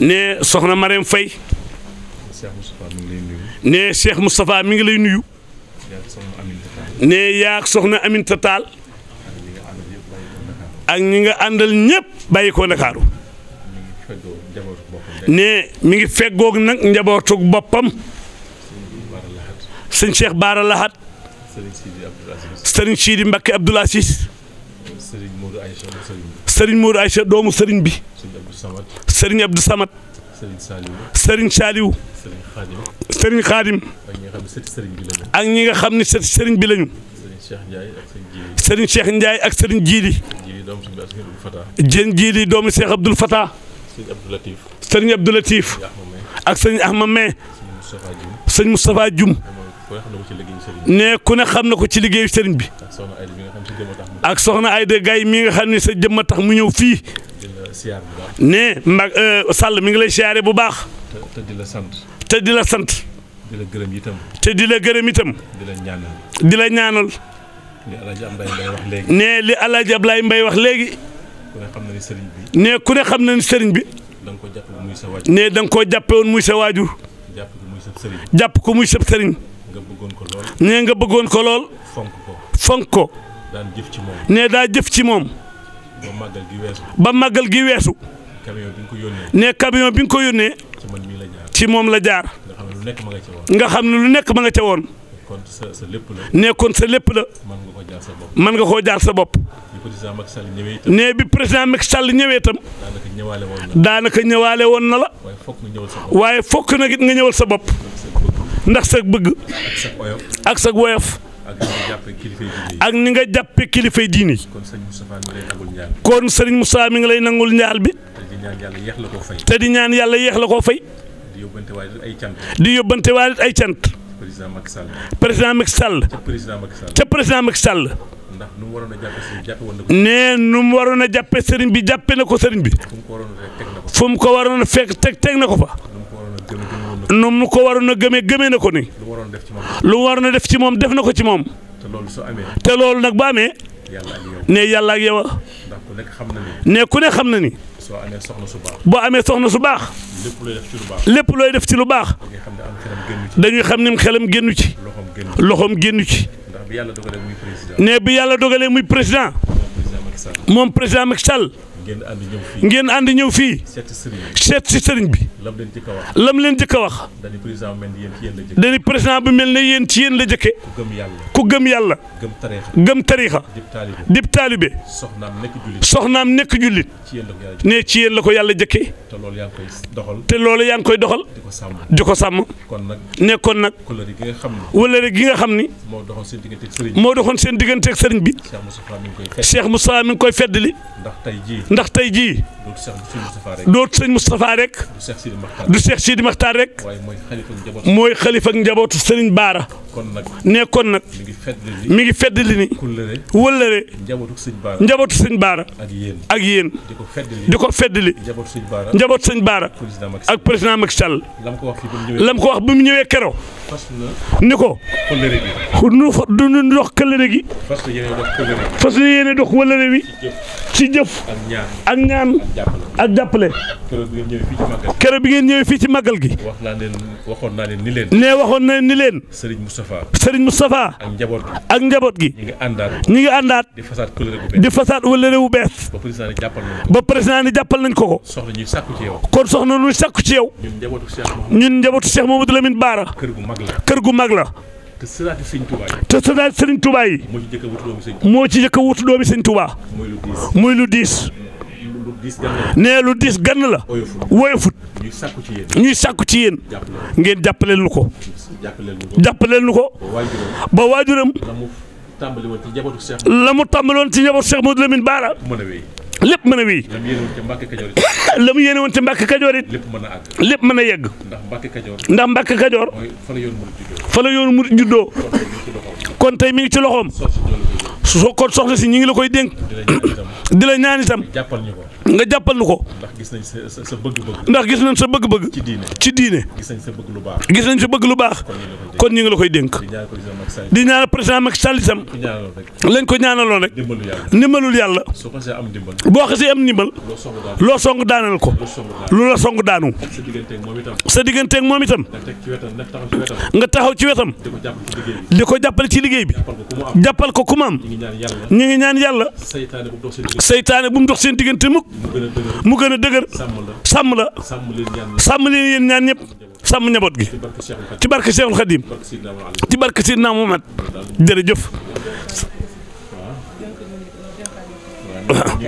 ne soxna Marème fay ne Cheikh Moustapha mi ngi lay nuyu ne yaag soxna Aminta Tall ak ñi nga àndal ñëpp bàyyi ko Ndakaaru ne mi ngi feggoog nag njabootug boppam sëñ Cheikh Baara Lahat sëriñ Sidi Mbakke Abdoul Aziz Serigne Modou Aïcha Serigne Modou Aïcha doomu Serigne bi. Serigne Abdou Samad. Serigne Saliou. Serigne Saliou. Serigne Khadim. ak ñi nga xam ne sët Serigne bi lañu. Serigne Cheikh Ndiaye ak Serigne Djili. Jën Djili doomu Cheikh Abdoul Fatah. Serigne Abdou Latif. ak Serigne Ahmad May. Serigne Moustapha Dioum. ne ku ne xam na ko ci liggéeyu sëriñ bi. ak soxna Ayda Gaye mi nga xam ne sa jëmm tax mu ñëw fii. ne mag euh, Sall mi ngi lay siyaare bu baax. te di la sant. te di la sant. di gërëm itam. te di la gërëm itam. di la ñaanal. di la ñaanal. ne li El Hadj Ablaye Mbaye wax léegi. ne ku ne xam na ni sëriñ bi. ne da nga jàppe woon muy sa waajur. jàpp ko muy sa sëriñ. jàpp ko muy sa sëriñ. nga bëggoon ko lool. nee nga bëggoon ko lool. fonk ko fonk ko. jëf ci moom. nee daa jëf ci moom. ba màggal gi weesu. ba màggal gi weesu. bi nga ko yónnee. nee camion bi nga ko yónnee. ci man la jaar ci moom la jaar. nga xam ne lu nekk ma nga ca woon. sa lépp la. nee kon sa lépp la. mën nga koo jaar sa bopp. nga koo jaar sa bopp. bi président Macky nee bi président Macky Sall ñëwee itam. daanaka ñëwaale woon na daanaka ñëwaale woon na la. waaye fokk nga nga ñëwal sa bopp. ndax sa bëgg ak sa woyof ak ni nga jàppe kilifay diini kon sëriñ Moussa mi ngi lay nangul njaal bi te di ñaan yàlla yeex la koo fay di yóbbante waalit ay cant di yóbbante waalit ay cant président Macky Sall président Macky Sall ca président Macky Sall nee nu mu waroon a jàppe sëriñ bi jàppe na ko sëriñ bi fu mu ko waroon a fekk teg teg na ko fa nu mu ko waroon a gëmee gëmee na ko ni. lu mu waroon a def ci moom def na ko ci moom. te loolu nag bu amee. ne yàlla ak yow a. ne ku ne xam na ni. boo amee soxna su baax. lépp looy def ci lu baax. dañuy xam ni xelam génnu ci. loxoom génnu ci. ne bi yàlla dogalee muy président. moom président Macky Sall. ngeen ànd ñëw fii. ngeen ànd ñëw fii. seet si sëriñ bi. lam leen jëkk a wax. lam leen jëkk a wax. dañu président mel ni yéen ci yéen la jëkke. dañu président bi mel ne yéen ci yéen la jëkke. ku gëm yàlla. gëm yàlla. dib taalibe. soxnaam nekk jullit. soxnaam nekk jullit. ne ci yéen la ko yàlla jëkke. te loolu yaa ngi koy doxal. te yaa ngi koy doxal. di ko sàmm. di ko sàmm. kon nag. ne kon nag. wëllëre gi nga xam ni. wëllëre gi ni. moo doxoon seen digganteeg sëriñ bi. Cheikh Moussa mi ngi koy feddali. ndax ndax tay ji do sëñ mustapha rek. du Cheikh Sidi Makhtar rek. moy khalifa ak njabootu bara ne kon nak mi ngi fedd li ni. wëllëre. njabootu sëñ bara ak yéen. diko fedd li njabootu sëñ bara ak président Macky Sall. lam ko wax bi mu ñëwee keroog. ni ko. nu fa du dox këllëre gi. fas yéene dox këllëre gi. fas yéene dox wëllëre wi. ci jëf. a ñaan ak ak jàppale. keroog bi ngeen ñëwee fii ci màggal gi. wax naa leen waxoon naa leen ni leen. nee waxoon na ni leen. Serigne Moustapha. Serigne Moustapha. ak njaboot gi ak njaboot gi. ñi ngi àndaat. ñi ngi àndaat. di fasaat kóllëre wu bees. di fasaat wala réewu bees. ba président ni jàppal nañ ko. ni jàppal nañ ko ko. ñuy sàkku ci yow. kon soxna ñuy sàkku ci yow. ñun njabootu Cheikh ñun njabootu Cheikh Mamadou Lamine baara kër gu mag la kër gu mag la. te sënaati sëñ Touba yi. te sënaati sëñ yi. moo ci njëkk a wutu doomi sëñ Touba. muy lu diis. nee lu diis gann la woyofut ñuy sàkku ci yéen ngeen jàppaleel nu ko jàppaleel nu ko ba waajuram la mu tàmbali woon ci njabootu Cheikh Modou Lamine Baara lépp mën a wéy la mu yéene woon ci Mbàkke Kajoor it lépp mën a yegg ndax Mbàkke Kajoor fa la yoonu murit juddoo kon tey mi ngi ci loxoom soo ko soxna si ñu ngi la koy dénk. di la ñaan itam nga jàppal ñu ko. ndax gis nañ sa sa bëgg-bëgg. ndax gis nañ sa bëgg-bëgg. ci diine ci diine. gis nañ sa bëgg lu baax. gis nañ sa bëgg lu baax. kon ñu ngi la koy dénk. di ñaanal président Macky Sall itam. lañ ko ñaanaloon rek. ndimbalul yàlla. boo xasee am ndimbal. loo song daanal ko. lu la song daanu. sa digganteeg moom itam. nga taxaw ci wetam. di ko jàppale ci liggéey bi. jàppal ko ku mu am ñu ngi ñaan yàlla seytaane bu mu dox seen diggante mukk mu gën a dëgër sàmm la sàmm leen yéen ñaan ñëpp sàmm njaboot gi ci barke Cheikhul Khadim ci barke Seydina Muhammad jërëjëf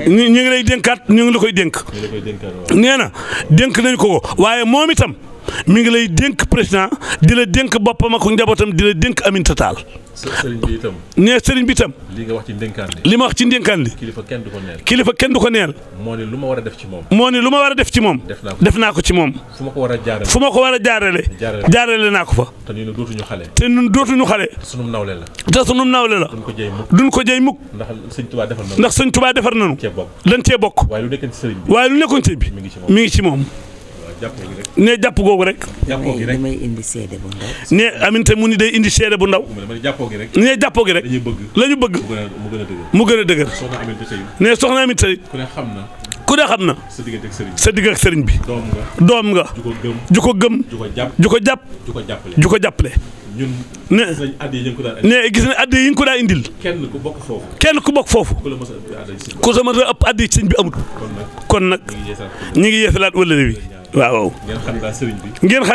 ñu ngi lay dénkaat ñu ngi la koy dénk nee na dénk nañ ko waaye moom itam mi ngi lay dénk président di la dénk boppam ak njabootam di la dénk Aminata taal sëriñ bi itam. nee sëriñ bi itam. li nga wax ci ndénkaan li. li ma wax ci ndénkaan li. kilifa kenn du ko neel. kilifa kenn du ko neel. moo ne lu ma war a def ci moom. moo lu ma war a def ci moom. def naa ko ci moom. fu ma ko war a jaarale. fu ma ko war a jaarale. naa ko fa. te ñun dootuñu xale. te ñun dootuñu xale. sunum nawle la. te sunum nawle la. duñ ko jëy mukk. duñ ko jëy mukk. ndax sëñ Tuubaa defar nañu. ndax sëñ Tuubaa defar nañu. dañ cee bokk. waaye lu nekkoon ci sëriñ bi. mi ngi ci moom ne jàpp googu rek. jàppoo gi rek damay indi seede bu ndaw. ne aminte mu ni day indi seede bu ndaw. ne jàppoo gi rek. ne jàppoo gi rek. la ñu bëgg. mu gën a dëgër. ne soxna aminte tey. ku ne xam na. ku ne na. sa digg ak sëriñ bi sa digg ak bi. doom nga. doom nga. ju ko gëm ju ko gëm. ko jàpp ju ko jàpp. ju ko jàppale. ñun gis nañ ko daan ne gis nañ addi yi ñu ko daan indil. kenn ku bokk foofu. kenn ku bokk foofu. ku sa mën a ëpp addi sëñ bi amul. kon nag ñu ngi yeesalaat wëllëre bi waaw ngeen xam ne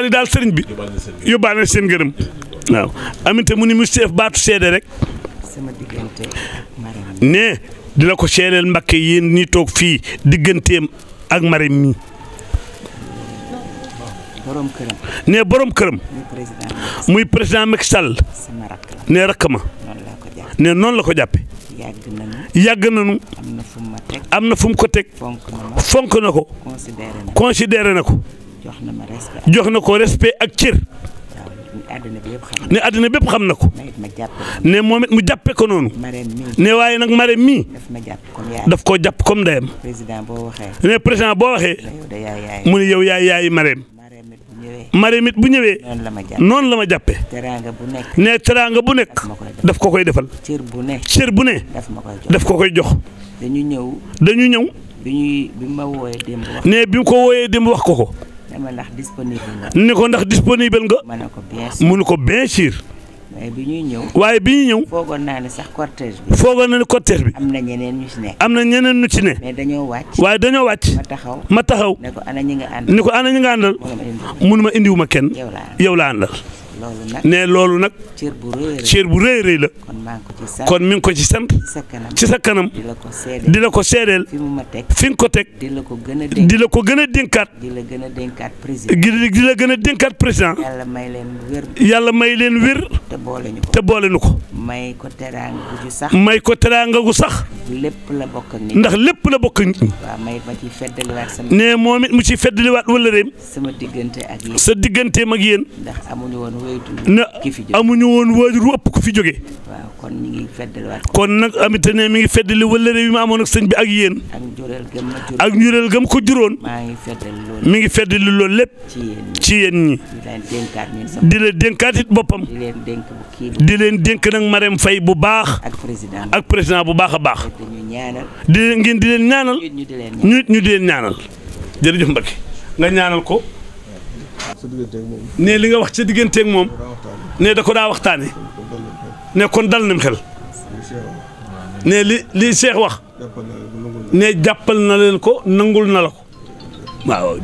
daal sëriñ bi yóbbaale seen ngërëm waaw aminte mu ni mu seef baatu seede rek ne di la ko seedeel mbakke yéen ni toog fii digganteem ak marim mi ne borom këram muy président Macky Sall ne rakk ma ne noonu la ko jàppe yàgg yàgg na fu mu ma teg. am na fu mu ko teg. fonk na fonk na ko. considéré na ko considéré na ko. jox na ma respect jox na ko respect ak cër. ne àddina bépp xam na ko. ne moom it mu jàppe ko noonu. ne waaye nag Marème mii. daf koo jàpp comme ndeyam. ne président boo waxee. mu ne yaay yaayi Marème. Mariam it bu ñëwee. noonu la ma jàppee noonu la ma jàppee. teraanga bu nekk nee teraanga bu nekk. daf ko koy defal cër bu ne. cër bu ne daf ko koy jox. dañu ñëw. dañu ñëw. bi ma wooyee démb wax. nee bi mu ko wooyee dem wax ko ko. dama ndax disponible nga. ni ko ndax disponible nga. mën ko bien sûr. mënu ko bien sûr. waaye bi ñuy ñëw. waaye bi ñëw. foogoon naa ne sax cortège bi. foogoon na ne cortège bi. am na ñeneen ñu ci ne. am na ñeneen ñu ci ne. mais dañoo wàcc. waaye dañoo wàcc. ma taxaw ma taxaw. ne ko ana ñi nga àndal. ne ko ana ñi nga àndal. munuma indiwuma kenn. yow laa àndal. ne loolu nag cër bu rëy rëy la kon mi ko ci sant ci sa kanam di la ko seedeel fi nga ko teg di la ko gën a dénkaat di la gën a dénkaat président yàlla may leen wér te boole nu ko may ko teraanga gu sax ndax lépp la bokk nit ñi ne moom it mu ci feddaliwaat wala réem sa digganteem ak yéen ne amuñu woon waajur wu ëpp ku fi jóge waaw kon kon nag amit ne mi ngi feddali wëllëre bi ma amoon ak sëñ bi ak yéen. ak njureel gëm ko juróon. mi ngi feddali loolu lépp. ci yéen ñi di leen dénkaat it boppam. di leen dénk nag Marème fay bu baax. ak président bu baax a baax. di leen ngeen di leen ñaanal. ñu di leen ñaanal. jërëjëf Mbacke nga ñaanal ko. ne li nga wax ca digganteeg moom nee da ko daa waxtaane ne kon dal nam xel ne li li Cheikh wax ne jàppal na leen ko nangul na la ko waaw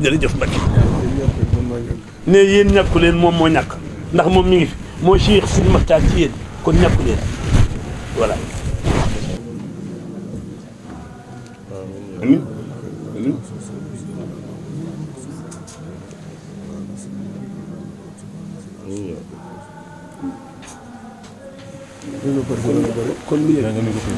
yéen ñàkku leen moom moo ñàkk ndax moom mi ngi fi moo Cheikh max Makhtar ci yéen kon ñàkku leen kon kon